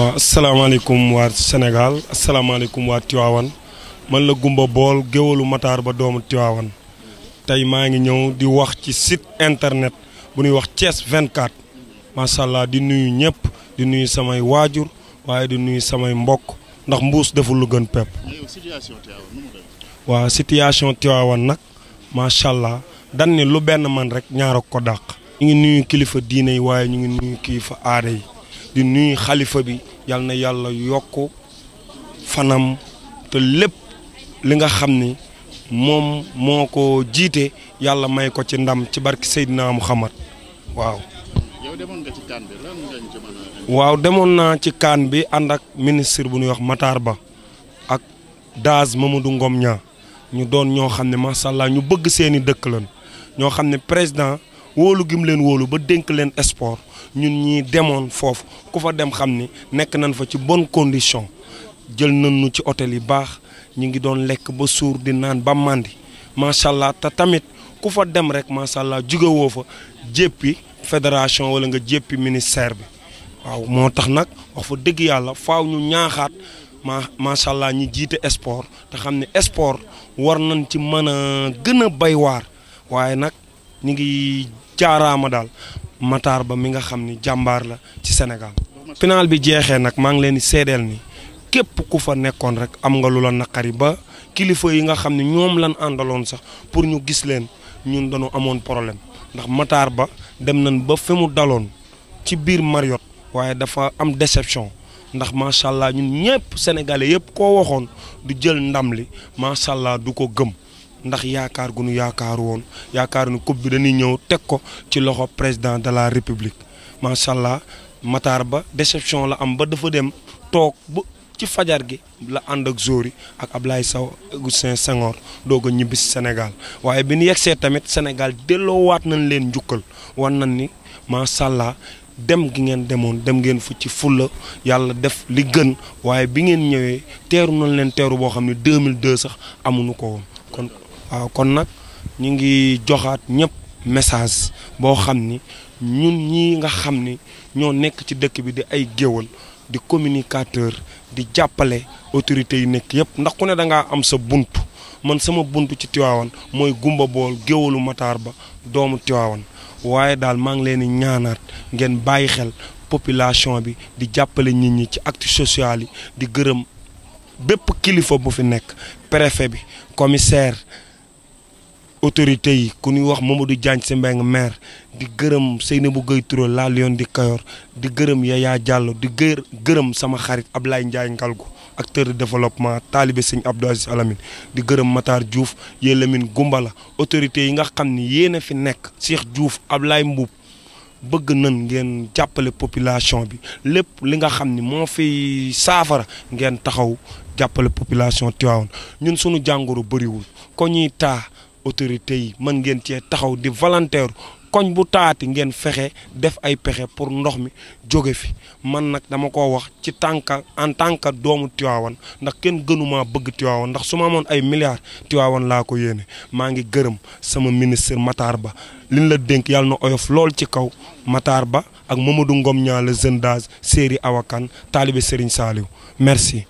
waaw asalaamaaleykum waa Sénégal asalaamaaleykum waa Tiwaawan man la Gumba Bool géwalu mataar Ba doomu Tiwaawan tey maa ngi ñëw di wax ci site internet bu ñuy wax Thiès 24 macha allah di nuyu ñëpp di nuyu samay waajur waaye di nuyu samay mbokk ndax mbuus deful lu gën pepp. waaw situation Tiwaawan nag macha allah dan ne lu benn man rek ñaar dàq. ñu ngi nuyu kilifa diine yi waaye ñu ngi nuyu kilifa aada yi. di nuyu xalifa bi yal na yàlla yokk fanam te lépp li nga xam ni moom moo ko jiite yàlla may ko ci ndam ci barke Seydina Muhammad waaw. yow demoon naa ci kaan bi ànd ak ministre bu ñuy wax Matar Ba ak Daaz Mamadou Ngom ñaa ñu doon ñoo xam ne macha ñu bëgg seeni dëkk lan ñoo xam ne président. wóolu gim leen wóolu ba dénk leen sport ñun ñii demoon foofu ku fa dem xam ni nekk nañ fa ci bon condition jël nañ ci hôtel yi baax ñu ngi doon lekk ba suur di naan ba màndi macha allah te tamit ku fa dem rek macha allah jóge woo fa jéppi fédération wala nga jéppi ministère bi waaw moo tax nag wax fa dëgg yàlla faw ñu ñaaxaat ma macha allah ñi jiite sport te xam ne sport war nañ ci mën a gën a bay waar waaye nag. ñu ngi jaaraama daal Matar Ba mi nga xam ni jàmbaar la ci Sénégal. final bi jeexee nag maa ngi leen di seedeel ni képp ku fa nekkoon rek am nga lu la naqari ba kilifa yi nga xam ne ñoom lan àndaloon sax pour ñu gis leen ñun dañu amoon problème ndax Matar Ba dem nañ ba fi mu daloon ci biir Marriott waaye dafa am déception. ndax macha allah ñun ñëpp sénégalais yëpp koo waxoon du jël ndam li macha allah du ko gëm. ndax yaakaar gu nu yaakaar woon yaakaar nu coupe bi dañuy ñëw teg ko ci loxo président de la république macha allah Matar Ba déception la am ba dafa dem toog bu ci fajar gi la ànd ak Zori ak Ablaye saw Augustin Senghor doog a ñibbi Sénégal waaye bi ñu yegsee tamit Sénégal delloowaat nañ leen njukkal wan nañ ni macha allah dem gi ngeen demoon dem ngeen fu ci fulla yàlla def li gën waaye bi ngeen ñëwee teeru nañ leen teeru boo xam ne 2002 sax amuñu ko woon kon. waaw kon nag ñu ngi joxaat ñëpp message boo xam ni ñun ñii nga xam ni ñoo nekk ci dëkk bi di ay géwal di communicateur di jàppale autorités yi nekk yëpp ndax ku ne da ngaa am sa bunt man sama bunt ci Tiwaawan mooy gumba bool géwalu Matar Ba doomu Tiwaawan waaye daal maa ngi leen di ñaanaat ngeen bàyyi xel population bi di jàppale nit ñi ci acte social yi di gërëm bépp kilifa bu fi nekk préfet bi commissaire autorité yi ku ñuy wax Mamadou Diagne Sy Mbengue maire di gërëm Seynabou Gueye Touré la Lion di Kayor di gërëm Yaya Diallo di gër gërëm sama xarit Ablaye Ndiaye Ngalgu acteur de développement taalibe sëñ Abdou Aziz Alamine di gërëm Matar Diouf gumba la autorité yi nga xam ni yéen a fi nekk Cheikh ab lay Mbuub bëgg nan ngeen jàppale population bi lépp li nga xam ni moo fi saafara ngeen taxaw jàppale population Tivaouane ñun sunu jàngoro bëriwul autorité yi man ngeen cee taxaw di volontaire koñ bu taati ngeen fexe def ay pexe pour ndox mi jóge fi man nag dama ko wax ci tànka en tant que doomu Tiwaawan ndax kenn gënumaa bëgg Tiwaawan ndax su ma amoon ay milliards Tiwaawan laa ko yéene maa ngi gërëm sama ministre Matar Ba liñ la dénk yàlla na oyof lool ci kaw Matar Ba ak Mamadou Ngom ñaa la jeune d'âge Séeri Awakan taalibe Serigne Saliou merci